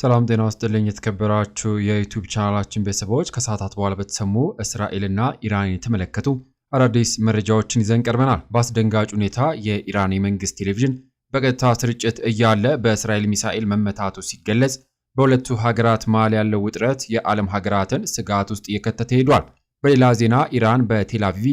ሰላም ጤና ውስጥልኝ የተከበራችሁ የዩቱብ ቻናላችን ቤተሰቦች ከሰዓታት በኋላ በተሰሙ እስራኤልና ኢራን የተመለከቱ አዳዲስ መረጃዎችን ይዘን ቀርበናል። በአስደንጋጭ ሁኔታ የኢራን የመንግስት ቴሌቪዥን በቀጥታ ስርጭት እያለ በእስራኤል ሚሳኤል መመታቱ ሲገለጽ፣ በሁለቱ ሀገራት መሃል ያለው ውጥረት የዓለም ሀገራትን ስጋት ውስጥ እየከተተ ሄዷል። በሌላ ዜና ኢራን በቴላቪቪ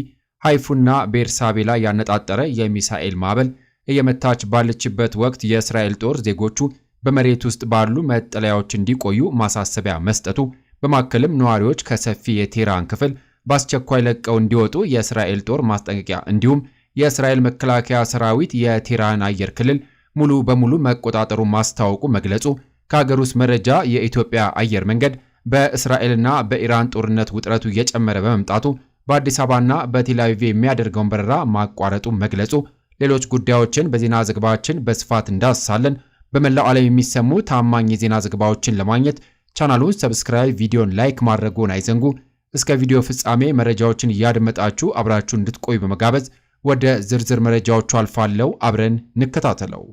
ሃይፉና ቤርሳቤ ላይ ያነጣጠረ የሚሳኤል ማዕበል እየመታች ባለችበት ወቅት የእስራኤል ጦር ዜጎቹ በመሬት ውስጥ ባሉ መጠለያዎች እንዲቆዩ ማሳሰቢያ መስጠቱ በማከልም ነዋሪዎች ከሰፊ የቴህራን ክፍል በአስቸኳይ ለቀው እንዲወጡ የእስራኤል ጦር ማስጠንቀቂያ እንዲሁም የእስራኤል መከላከያ ሰራዊት የቴህራን አየር ክልል ሙሉ በሙሉ መቆጣጠሩ ማስታወቁ መግለጹ ከሀገር ውስጥ መረጃ የኢትዮጵያ አየር መንገድ በእስራኤልና በኢራን ጦርነት ውጥረቱ እየጨመረ በመምጣቱ በአዲስ አበባና በቴልአቪቭ የሚያደርገውን በረራ ማቋረጡ መግለጹ ሌሎች ጉዳዮችን በዜና ዘገባችን በስፋት እንዳስሳለን። በመላው ዓለም የሚሰሙ ታማኝ የዜና ዘገባዎችን ለማግኘት ቻናሉን ሰብስክራይብ፣ ቪዲዮን ላይክ ማድረጉን አይዘንጉ። እስከ ቪዲዮ ፍጻሜ መረጃዎችን እያደመጣችሁ አብራችሁ እንድትቆዩ በመጋበዝ ወደ ዝርዝር መረጃዎቹ አልፋለው። አብረን እንከታተለው።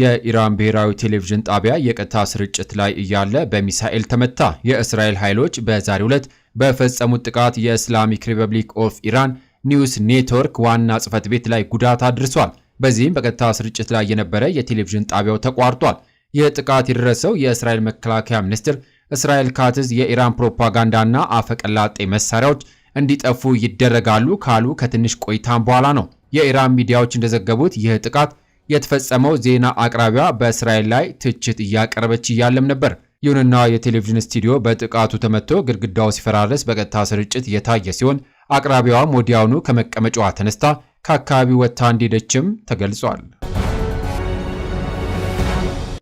የኢራን ብሔራዊ ቴሌቪዥን ጣቢያ የቀጥታ ስርጭት ላይ እያለ በሚሳኤል ተመታ። የእስራኤል ኃይሎች በዛሬው ዕለት በፈጸሙት ጥቃት የእስላሚክ ሪፐብሊክ ኦፍ ኢራን ኒውስ ኔትወርክ ዋና ጽህፈት ቤት ላይ ጉዳት አድርሷል። በዚህም በቀጥታ ስርጭት ላይ የነበረ የቴሌቪዥን ጣቢያው ተቋርጧል። ይህ ጥቃት የደረሰው የእስራኤል መከላከያ ሚኒስትር እስራኤል ካትዝ የኢራን ፕሮፓጋንዳና አፈቀላጤ መሳሪያዎች እንዲጠፉ ይደረጋሉ ካሉ ከትንሽ ቆይታም በኋላ ነው። የኢራን ሚዲያዎች እንደዘገቡት ይህ ጥቃት የተፈጸመው ዜና አቅራቢዋ በእስራኤል ላይ ትችት እያቀረበች እያለም ነበር። ይሁንና የቴሌቪዥን ስቱዲዮ በጥቃቱ ተመቶ ግድግዳው ሲፈራረስ በቀጥታ ስርጭት የታየ ሲሆን አቅራቢዋም ወዲያውኑ ከመቀመጫዋ ተነስታ ከአካባቢው ወጥታ እንደሄደችም ተገልጿል።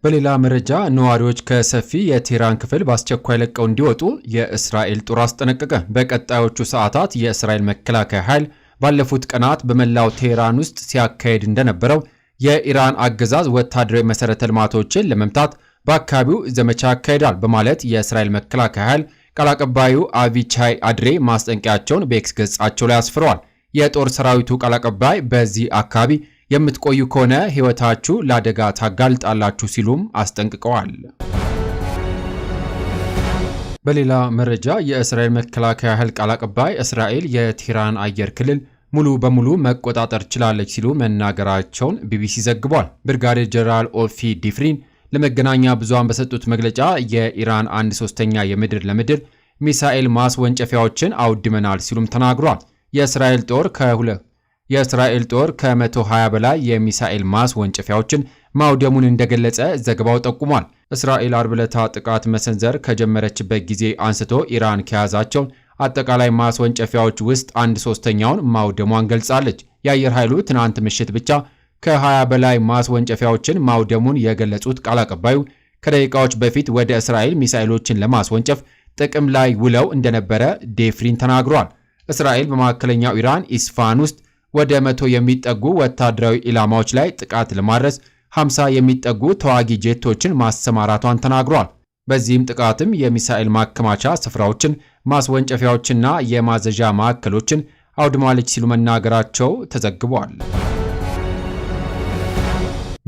በሌላ መረጃ ነዋሪዎች ከሰፊ የቴህራን ክፍል በአስቸኳይ ለቀው እንዲወጡ የእስራኤል ጦር አስጠነቀቀ። በቀጣዮቹ ሰዓታት የእስራኤል መከላከያ ኃይል ባለፉት ቀናት በመላው ቴህራን ውስጥ ሲያካሄድ እንደነበረው የኢራን አገዛዝ ወታደራዊ መሠረተ ልማቶችን ለመምታት በአካባቢው ዘመቻ ያካሄዳል በማለት የእስራኤል መከላከያ ኃይል ቃል አቀባዩ አቪቻይ አድሬ ማስጠንቀቂያቸውን በኤክስ ገጻቸው ላይ አስፍረዋል። የጦር ሰራዊቱ ቃል አቀባይ በዚህ አካባቢ የምትቆዩ ከሆነ ሕይወታችሁ ለአደጋ ታጋልጣላችሁ ሲሉም አስጠንቅቀዋል። በሌላ መረጃ የእስራኤል መከላከያ ኃይል ቃል አቀባይ እስራኤል የቴህራን አየር ክልል ሙሉ በሙሉ መቆጣጠር ችላለች ሲሉ መናገራቸውን ቢቢሲ ዘግቧል። ብርጋዴር ጀነራል ኦፊ ዲፍሪን ለመገናኛ ብዙሃን በሰጡት መግለጫ የኢራን አንድ ሶስተኛ የምድር ለምድር ሚሳኤል ማስወንጨፊያዎችን አውድመናል ሲሉም ተናግሯል። የእስራኤል ጦር ከሁለ የእስራኤል ጦር ከ120 በላይ የሚሳኤል ማስወንጨፊያዎችን ማውደሙን እንደገለጸ ዘገባው ጠቁሟል። እስራኤል አርብ ዕለት ጥቃት መሰንዘር ከጀመረችበት ጊዜ አንስቶ ኢራን ከያዛቸው አጠቃላይ ማስወንጨፊያዎች ውስጥ አንድ ሶስተኛውን ማውደሟን ገልጻለች። የአየር ኃይሉ ትናንት ምሽት ብቻ ከ20 በላይ ማስወንጨፊያዎችን ማውደሙን የገለጹት ቃል አቀባዩ ከደቂቃዎች በፊት ወደ እስራኤል ሚሳኤሎችን ለማስወንጨፍ ጥቅም ላይ ውለው እንደነበረ ዴፍሪን ተናግሯል። እስራኤል በማዕከለኛው ኢራን ኢስፋን ውስጥ ወደ መቶ የሚጠጉ ወታደራዊ ኢላማዎች ላይ ጥቃት ለማድረስ 50 የሚጠጉ ተዋጊ ጄቶችን ማሰማራቷን ተናግሯል። በዚህም ጥቃትም የሚሳኤል ማከማቻ ስፍራዎችን፣ ማስወንጨፊያዎችና የማዘዣ ማዕከሎችን አውድማለች ሲሉ መናገራቸው ተዘግቧል።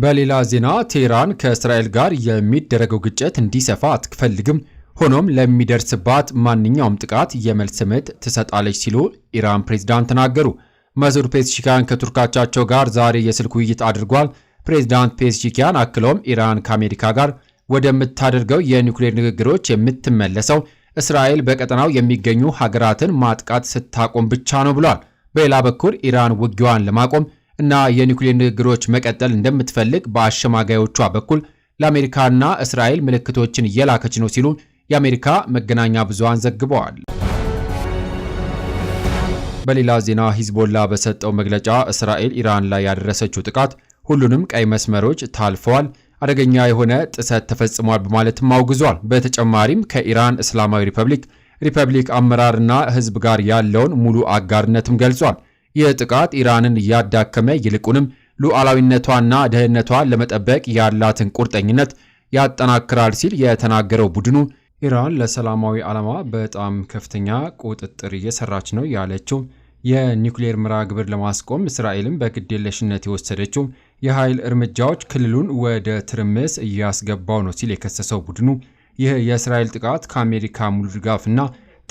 በሌላ ዜና ቴህራን ከእስራኤል ጋር የሚደረገው ግጭት እንዲሰፋ አትፈልግም ሆኖም ለሚደርስባት ማንኛውም ጥቃት የመልስ ምት ትሰጣለች ሲሉ ኢራን ፕሬዝዳንት ተናገሩ። መዞር ፔስሺኪያን ከቱርካቻቸው ጋር ዛሬ የስልክ ውይይት አድርጓል። ፕሬዝዳንት ፔስሺኪያን አክለውም ኢራን ከአሜሪካ ጋር ወደምታደርገው የኒውክሌር ንግግሮች የምትመለሰው እስራኤል በቀጠናው የሚገኙ ሀገራትን ማጥቃት ስታቆም ብቻ ነው ብሏል። በሌላ በኩል ኢራን ውጊዋን ለማቆም እና የኒውክሌር ንግግሮች መቀጠል እንደምትፈልግ በአሸማጋዮቿ በኩል ለአሜሪካና እስራኤል ምልክቶችን እየላከች ነው ሲሉ የአሜሪካ መገናኛ ብዙሃን ዘግበዋል። በሌላ ዜና ሂዝቦላ በሰጠው መግለጫ እስራኤል ኢራን ላይ ያደረሰችው ጥቃት ሁሉንም ቀይ መስመሮች ታልፈዋል፣ አደገኛ የሆነ ጥሰት ተፈጽሟል በማለትም አውግዟል። በተጨማሪም ከኢራን እስላማዊ ሪፐብሊክ ሪፐብሊክ አመራርና ሕዝብ ጋር ያለውን ሙሉ አጋርነትም ገልጿል። ይህ ጥቃት ኢራንን እያዳከመ ይልቁንም ሉዓላዊነቷና ደህንነቷን ለመጠበቅ ያላትን ቁርጠኝነት ያጠናክራል ሲል የተናገረው ቡድኑ ኢራን ለሰላማዊ ዓላማ በጣም ከፍተኛ ቁጥጥር እየሰራች ነው ያለችው የኒውክሌር ምራ ግብር ለማስቆም እስራኤልን በግዴለሽነት የወሰደችው የኃይል እርምጃዎች ክልሉን ወደ ትርምስ እያስገባው ነው ሲል የከሰሰው ቡድኑ ይህ የእስራኤል ጥቃት ከአሜሪካ ሙሉ ድጋፍና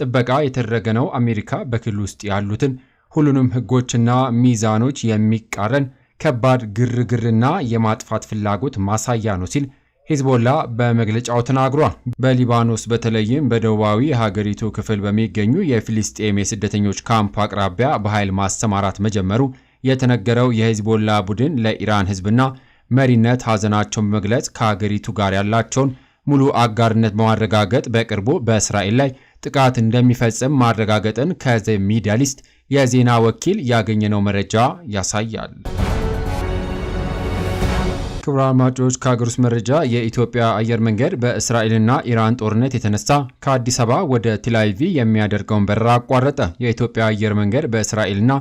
ጥበቃ የተደረገ ነው፣ አሜሪካ በክልል ውስጥ ያሉትን ሁሉንም ሕጎችና ሚዛኖች የሚቃረን ከባድ ግርግርና የማጥፋት ፍላጎት ማሳያ ነው ሲል ሂዝቦላ በመግለጫው ተናግሯል። በሊባኖስ በተለይም በደቡባዊ የሀገሪቱ ክፍል በሚገኙ የፊልስጤም የስደተኞች ካምፕ አቅራቢያ በኃይል ማሰማራት መጀመሩ የተነገረው የሂዝቦላ ቡድን ለኢራን ሕዝብና መሪነት ሐዘናቸውን በመግለጽ ከሀገሪቱ ጋር ያላቸውን ሙሉ አጋርነት በማረጋገጥ በቅርቡ በእስራኤል ላይ ጥቃት እንደሚፈጽም ማረጋገጥን ከዘ ሚዲያሊስት የዜና ወኪል ያገኘነው መረጃ ያሳያል። ክቡር አድማጮች ከሀገር ውስጥ መረጃ የኢትዮጵያ አየር መንገድ በእስራኤልና ኢራን ጦርነት የተነሳ ከአዲስ አበባ ወደ ቴልአቪቭ የሚያደርገውን በረራ አቋረጠ። የኢትዮጵያ አየር መንገድ በእስራኤልና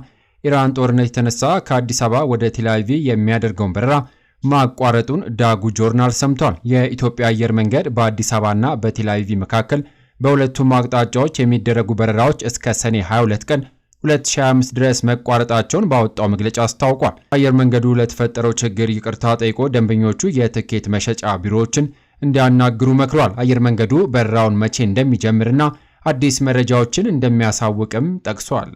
ኢራን ጦርነት የተነሳ ከአዲስ አበባ ወደ ቴልአቪቭ የሚያደርገውን በረራ ማቋረጡን ዳጉ ጆርናል ሰምቷል። የኢትዮጵያ አየር መንገድ በአዲስ አበባና በቴልአቪቭ መካከል በሁለቱም አቅጣጫዎች የሚደረጉ በረራዎች እስከ ሰኔ 22 ቀን 2025 ድረስ መቋረጣቸውን ባወጣው መግለጫ አስታውቋል። አየር መንገዱ ለተፈጠረው ችግር ይቅርታ ጠይቆ ደንበኞቹ የትኬት መሸጫ ቢሮዎችን እንዲያናግሩ መክሯል። አየር መንገዱ በረራውን መቼ እንደሚጀምርና አዲስ መረጃዎችን እንደሚያሳውቅም ጠቅሷል።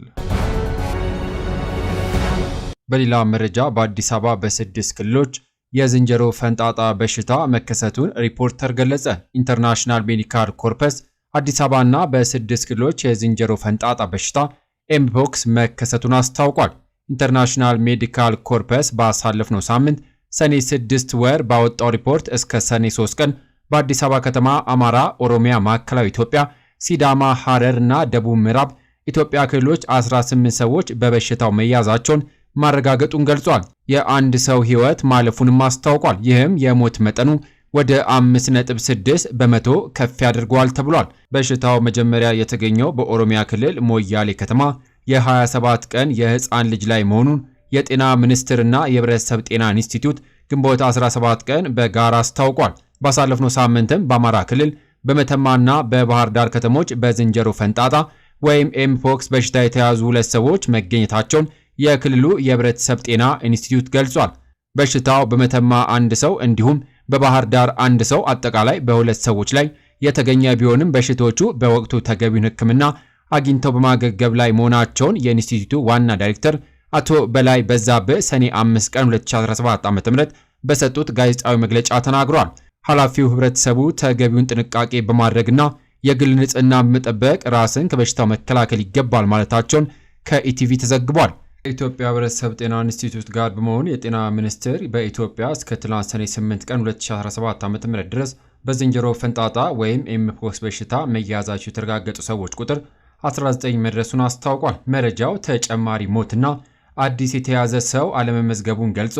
በሌላ መረጃ በአዲስ አበባ በስድስት ክልሎች የዝንጀሮ ፈንጣጣ በሽታ መከሰቱን ሪፖርተር ገለጸ። ኢንተርናሽናል ሜዲካል ኮርፐስ አዲስ አበባና በስድስት ክልሎች የዝንጀሮ ፈንጣጣ በሽታ ኤምፖክስ መከሰቱን አስታውቋል። ኢንተርናሽናል ሜዲካል ኮርፐስ ባሳለፍነው ሳምንት ሰኔ 6 ወር ባወጣው ሪፖርት እስከ ሰኔ 3 ቀን በአዲስ አበባ ከተማ፣ አማራ፣ ኦሮሚያ፣ ማዕከላዊ ኢትዮጵያ፣ ሲዳማ፣ ሐረር እና ደቡብ ምዕራብ ኢትዮጵያ ክልሎች 18 ሰዎች በበሽታው መያዛቸውን ማረጋገጡን ገልጿል። የአንድ ሰው ሕይወት ማለፉንም አስታውቋል። ይህም የሞት መጠኑ ወደ 5.6 በመቶ ከፍ ያደርገዋል ተብሏል። በሽታው መጀመሪያ የተገኘው በኦሮሚያ ክልል ሞያሌ ከተማ የ27 ቀን የህፃን ልጅ ላይ መሆኑን የጤና ሚኒስቴርና የህብረተሰብ ጤና ኢንስቲትዩት ግንቦት 17 ቀን በጋራ አስታውቋል። ባሳለፍነው ሳምንትም በአማራ ክልል በመተማና በባህር ዳር ከተሞች በዝንጀሮ ፈንጣጣ ወይም ኤምፖክስ በሽታ የተያዙ ሁለት ሰዎች መገኘታቸውን የክልሉ የህብረተሰብ ጤና ኢንስቲትዩት ገልጿል። በሽታው በመተማ አንድ ሰው እንዲሁም በባህር ዳር አንድ ሰው አጠቃላይ በሁለት ሰዎች ላይ የተገኘ ቢሆንም በሽቶቹ በወቅቱ ተገቢውን ሕክምና አግኝተው በማገገብ ላይ መሆናቸውን የኢንስቲትዩቱ ዋና ዳይሬክተር አቶ በላይ በዛብህ ሰኔ 5 ቀን 2017 ዓ ም በሰጡት ጋዜጣዊ መግለጫ ተናግሯል። ኃላፊው ህብረተሰቡ ተገቢውን ጥንቃቄ በማድረግና የግል ንጽህና መጠበቅ ራስን ከበሽታው መከላከል ይገባል ማለታቸውን ከኢቲቪ ተዘግቧል። ከኢትዮጵያ ህብረተሰብ ጤና ኢንስቲትዩት ጋር በመሆን የጤና ሚኒስቴር በኢትዮጵያ እስከ ትላንት ሰኔ 8 ቀን 2017 ዓ.ም ድረስ በዝንጀሮ ፈንጣጣ ወይም ኤምፖክስ በሽታ መያዛቸው የተረጋገጡ ሰዎች ቁጥር 19 መድረሱን አስታውቋል። መረጃው ተጨማሪ ሞትና አዲስ የተያዘ ሰው አለመመዝገቡን ገልጾ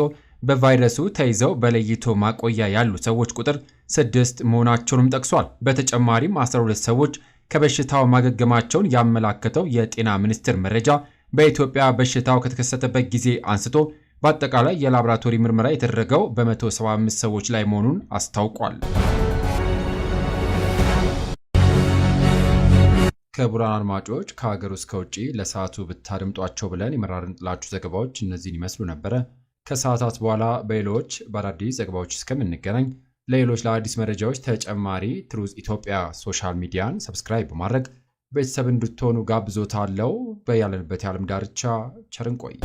በቫይረሱ ተይዘው በለይቶ ማቆያ ያሉ ሰዎች ቁጥር ስድስት መሆናቸውንም ጠቅሷል። በተጨማሪም 12 ሰዎች ከበሽታው ማገገማቸውን ያመላከተው የጤና ሚኒስቴር መረጃ በኢትዮጵያ በሽታው ከተከሰተበት ጊዜ አንስቶ በአጠቃላይ የላብራቶሪ ምርመራ የተደረገው በ175 ሰዎች ላይ መሆኑን አስታውቋል። ክቡራን አድማጮች ከሀገር ውስጥ ከውጭ ለሰዓቱ ብታደምጧቸው ብለን የመራርንላችሁ ዘገባዎች እነዚህን ይመስሉ ነበረ። ከሰዓታት በኋላ በሌሎች በአዳዲስ ዘገባዎች እስከምንገናኝ ለሌሎች ለአዲስ መረጃዎች ተጨማሪ ትሩዝ ኢትዮጵያ ሶሻል ሚዲያን ሰብስክራይብ በማድረግ ቤተሰብ እንድትሆኑ ጋብዞታለሁ። በያለንበት የዓለም ዳርቻ ቸርንቆይ